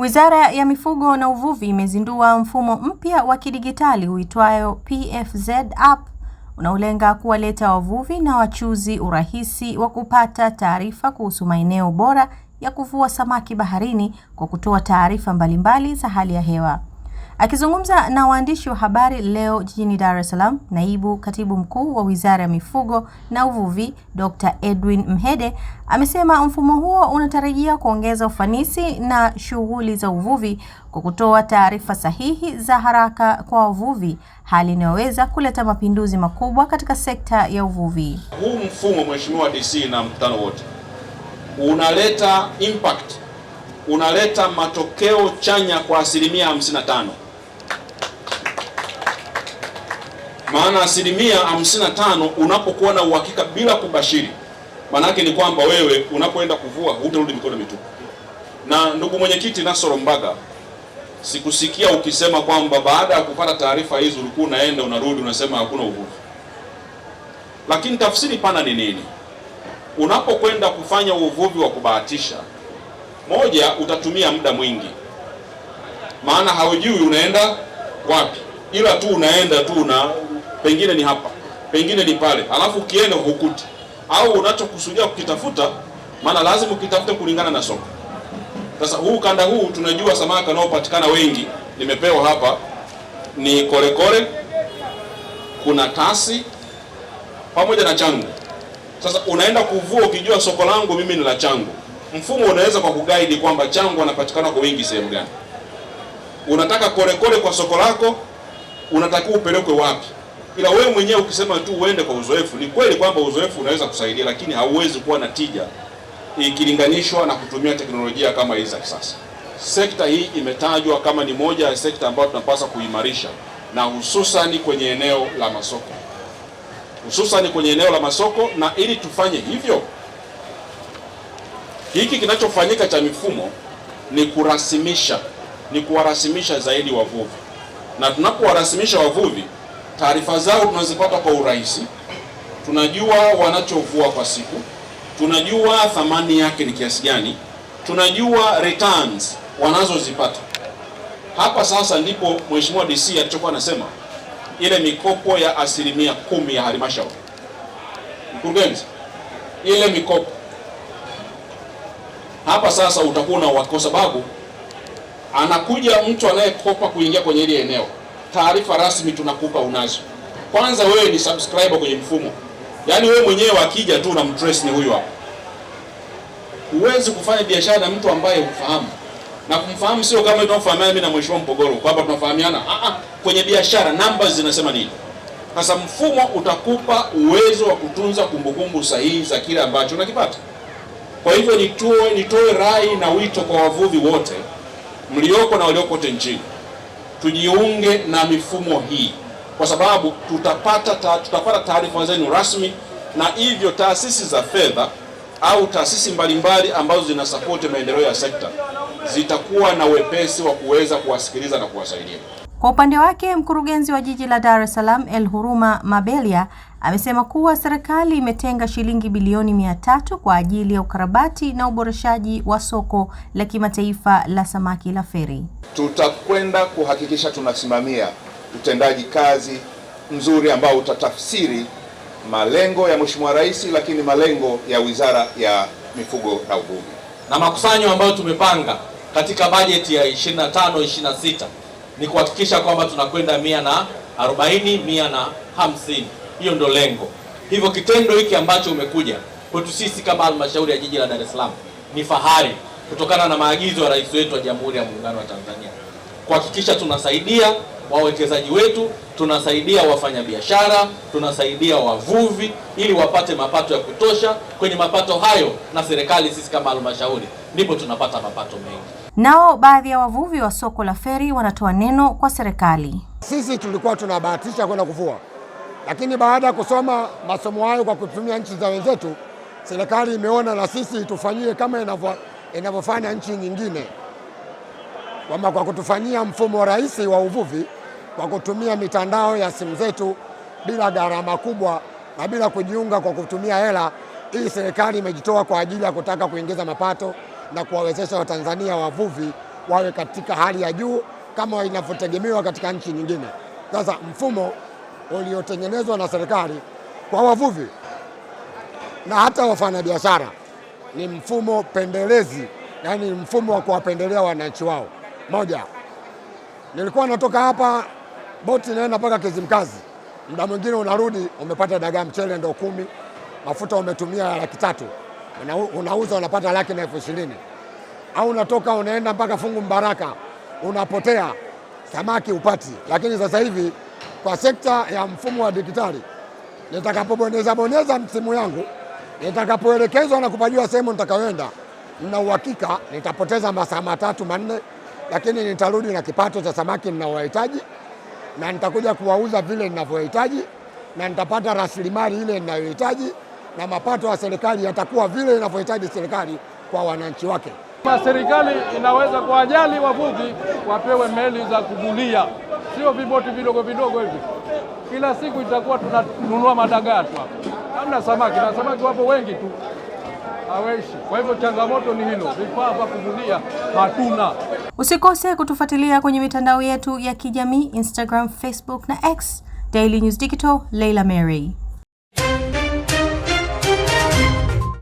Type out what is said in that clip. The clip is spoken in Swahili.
Wizara ya Mifugo na Uvuvi imezindua mfumo mpya wa kidijitali uitwayo PFZ App unaolenga kuwaleta wavuvi na wachuzi urahisi wa kupata taarifa kuhusu maeneo bora ya kuvua samaki baharini kwa kutoa taarifa mbalimbali za hali ya hewa. Akizungumza na waandishi wa habari leo jijini Dar es Salaam, naibu katibu mkuu wa Wizara ya Mifugo na Uvuvi Dr. Edwin Mhede amesema mfumo huo unatarajia kuongeza ufanisi na shughuli za uvuvi kwa kutoa taarifa sahihi za haraka kwa wavuvi, hali inayoweza kuleta mapinduzi makubwa katika sekta ya uvuvi. Huu mfumo Mheshimiwa DC na mkutano wote unaleta impact, unaleta matokeo chanya kwa asilimia 55. maana asilimia 55 unapokuwa na uhakika bila kubashiri, maanake ni kwamba wewe unapoenda kuvua hutarudi mikono mitupu. Na ndugu mwenyekiti Nasoro Mbaga, sikusikia ukisema kwamba baada ya kupata taarifa hizo ulikuwa unaenda unarudi unasema hakuna uvuvi, lakini tafsiri pana ni nini? Unapokwenda kufanya uvuvi wa kubahatisha, moja, utatumia muda mwingi, maana haujui unaenda wapi, ila tu unaenda tu na pengine ni hapa, pengine ni pale, alafu ukienda hukuti au unachokusudia kukitafuta, maana lazima ukitafute kulingana na soko. Sasa huu kanda huu tunajua samaki wanaopatikana wengi, nimepewa hapa ni korekore kore, kuna tasi pamoja na changu. Sasa unaenda kuvua ukijua soko langu mimi ni la changu. Mfumo unaweza kwa kuguide kwamba changu anapatikana kwa wingi sehemu gani. Unataka korekore kore kwa soko lako, unatakiwa upelekwe wapi? ila wewe mwenyewe ukisema tu uende kwa uzoefu, ni kweli kwamba uzoefu unaweza kusaidia, lakini hauwezi kuwa na tija ikilinganishwa na kutumia teknolojia kama hizi za kisasa. Sekta hii imetajwa kama ni moja ya sekta ambayo tunapaswa kuimarisha na hususani kwenye eneo la masoko, hususani kwenye eneo la masoko. Na ili tufanye hivyo, hiki kinachofanyika cha mifumo ni kurasimisha, ni kuwarasimisha zaidi wavuvi, na tunapowarasimisha wavuvi taarifa zao tunazipata kwa urahisi, tunajua wanachovua kwa siku, tunajua thamani yake ni kiasi gani, tunajua returns wanazozipata. Hapa sasa ndipo Mheshimiwa DC alichokuwa anasema ile mikopo ya asilimia kumi ya halmashauri. Mkurugenzi, ile mikopo hapa sasa utakuwa na uhakika, kwa sababu anakuja mtu anayekopa kuingia kwenye ile eneo taarifa rasmi tunakupa unazo. Kwanza wewe ni subscriber kwenye mfumo, yaani wewe mwenyewe akija tu unamtrace ni huyu hapa. Huwezi kufanya biashara na mtu ambaye hufahamu na kumfahamu, sio kama tunafahamiana mimi na mheshimiwa Mpogoro kwamba tunafahamiana. Ah, ah kwenye biashara namba zinasema nini? Sasa mfumo utakupa uwezo wa kutunza kumbukumbu sahihi za kile ambacho unakipata. Kwa hivyo nitoe nitoe rai na wito kwa wavuvi wote mlioko na walioko nchini tujiunge na mifumo hii, kwa sababu tutapata ta, tutapata taarifa zenu rasmi, na hivyo taasisi za fedha au taasisi mbalimbali ambazo zinasapoti maendeleo ya sekta zitakuwa na wepesi wa kuweza kuwasikiliza na kuwasaidia. Kwa upande wake, mkurugenzi wa jiji la Dar es Salaam el huruma mabelia amesema kuwa serikali imetenga shilingi bilioni mia tatu kwa ajili ya ukarabati na uboreshaji wa soko la kimataifa la samaki la Feri. Tutakwenda kuhakikisha tunasimamia utendaji kazi mzuri ambao utatafsiri malengo ya Mheshimiwa Rais, lakini malengo ya Wizara ya Mifugo na Uvuvi na makusanyo ambayo tumepanga katika bajeti ya 25 26 ni kuhakikisha kwamba tunakwenda mia na arobaini, mia na hamsini. Hiyo ndio lengo. Hivyo kitendo hiki ambacho umekuja kwetu sisi kama halmashauri ya jiji la Dar es Salaam ni fahari, kutokana na maagizo ya rais wetu wa Jamhuri ya Muungano wa Tanzania kuhakikisha tunasaidia wawekezaji wetu, tunasaidia wafanyabiashara, tunasaidia wavuvi ili wapate mapato ya kutosha. Kwenye mapato hayo, na serikali sisi kama halmashauri ndipo tunapata mapato mengi. Nao baadhi ya wavuvi wa soko la Feri wanatoa neno kwa serikali. Sisi tulikuwa tunabahatisha kwenda kuvua, lakini baada ya kusoma masomo hayo kwa kutumia nchi za wenzetu, serikali imeona na sisi tufanyie kama inavyofanya nchi nyingine, kwamba kwa kutufanyia mfumo rahisi wa uvuvi kwa kutumia mitandao ya simu zetu bila gharama kubwa na bila kujiunga kwa kutumia hela. Hii serikali imejitoa kwa ajili ya kutaka kuingiza mapato na kuwawezesha Watanzania wavuvi wawe katika hali ya juu kama inavyotegemewa katika nchi nyingine. Sasa mfumo uliotengenezwa na serikali kwa wavuvi na hata wafanyabiashara ni mfumo pendelezi, yaani mfumo wa kuwapendelea wananchi wao. Moja, nilikuwa natoka hapa boti inaenda mpaka Kizimkazi, muda mwingine unarudi umepata dagaa mchele ndo kumi, mafuta umetumia laki tatu unauza unapata laki na elfu ishirini au unatoka unaenda mpaka fungu Mbaraka unapotea, samaki upati. Lakini sasa hivi kwa sekta ya mfumo wa digitali nitakapobonyeza bonyeza msimu yangu, nitakapoelekezwa na kupajua sehemu nitakayoenda, nina uhakika nitapoteza masaa matatu manne, lakini nitarudi na kipato cha samaki ninaowahitaji, na nitakuja kuwauza vile ninavyohitaji, na nitapata rasilimali ile ninayohitaji na mapato ya serikali yatakuwa vile inavyohitaji serikali kwa wananchi wake. Kama serikali inaweza kuwajali wavuvi, wapewe meli za kuvulia, sio viboti vidogo vidogo hivi. Kila siku itakuwa tunanunua madagaa tu, hamna samaki, na samaki wapo wengi tu haweishi Kwa hivyo changamoto ni hilo, vifaa vya kuvulia hatuna. Usikose kutufuatilia kwenye mitandao yetu ya kijamii Instagram, Facebook na X. Daily News Digital, Leila Mary.